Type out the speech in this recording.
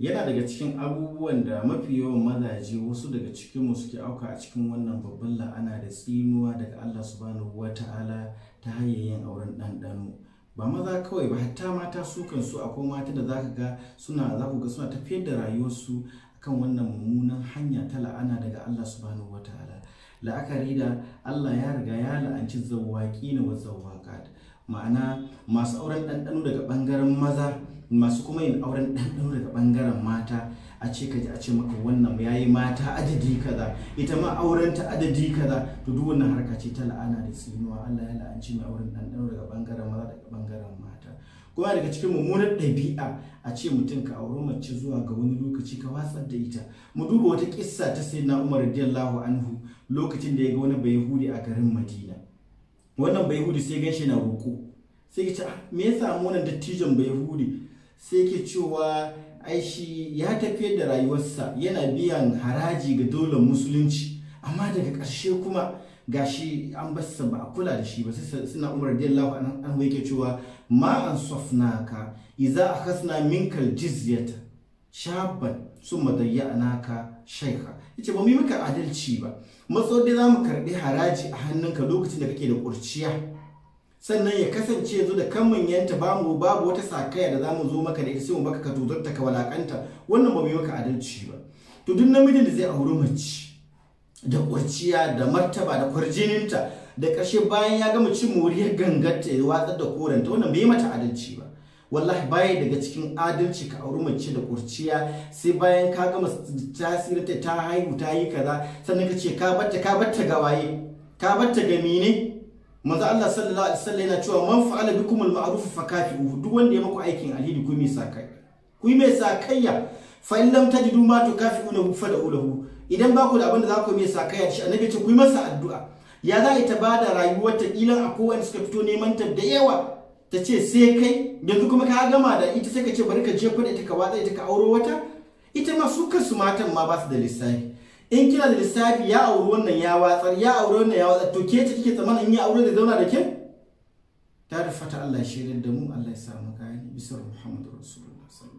yana daga cikin abubuwan da mafi yawan mazaje wasu daga cikinmu suke auka a cikin wannan babban la'ana da tsinuwa daga Allah subhanahu wa ta'ala ta hanyar yin auren ɗanɗano ba maza kawai ba hatta mata su kansu akwai mata da zaka ga suna za ga suna tafiyar da rayuwarsu akan wannan mummunan hanya ta la'ana daga Allah subhanahu wa ta'ala la'akari da Allah ya riga ya la'anci zawwaƙi na wa ma'ana masu auren ɗanɗano daga ɓangaren maza masu kuma yin auren ɗanɗano daga bangaren mata a ce ka ji a ce maka wannan ya yi mata adadi kaza ita ma auren ta adadi kaza to duk wannan harka ce ta la'ana da tsinuwa Allah ya la'anci mai auren ɗanɗano daga bangaren maza daga bangaren mata kuma daga cikin mummunar ɗabi'a a ce mutum ka auri mace zuwa ga wani lokaci ka watsar da ita mu duba wata kissa ta sayyidina Umar radiyallahu anhu lokacin da ya ga wani bayhudi a garin Madina wannan bayhudi sai ganshi na roko. sai ya ce ah, me ya samu wannan dattijon bayhudi sai ke cewa ai ya tafiyar da rayuwarsa yana biyan haraji ga dole musulunci amma daga ƙarshe kuma gashi an basa ba a kula da shi ba suna umar da radiyallahu an yake cewa ma an safnaka idza akhasna minkal jizyata shabban summa shaika. shaykha yace ba mu yi maka adalci ba matso dai zamu karbi haraji a hannunka lokacin da kake da kurciya sannan ya kasance yanzu da kan manyanta ba mu babu wata sakaya da za mu zo maka da ita sai mu baka ka ta ka walakanta wannan ba mu yi maka adalci ba to duk namijin da zai auri mace da kurciya da martaba da kwarjininta da ƙarshe bayan ya gama cin moriyar gangarta ya watsar da koranta wannan bai mata adalci ba wallahi baya daga cikin adalci ka auri mace da kurciya sai bayan ka gama tasirinta ta haihu ta yi kaza sannan ka ce ka batta ka batta gawaye ka batta gamine manzo Allah sallallahu alaihi wasallam yana cewa man fa'ala bikum al-ma'ruf kafi'u duk wanda ya maku aikin alheri ku mai sakai ku mai sakayya fa in lam tajidu ma tukafi'una fad'u ulahu idan ba ku da abin da za ku mai sakayya shi annabi ce ku yi masa addu'a ya za ita bada rayuwar ta ilan a wani suka fito neman ta da yawa ta ce sai kai yanzu kuma ka gama da ita sai ka ce bari ka je kuɗi ita ka watsa ita ka auro wata ita ma su kansu matan ma ba su da lissafi in kina da lissafi ya auri wannan ya watsar ya auri wannan ya watsar to ke ce kike tsammanin in yi aure da zauna da ke ta da fata Allah ya shirin da mu Allah ya samu gani bisar Muhammadu Rasulullah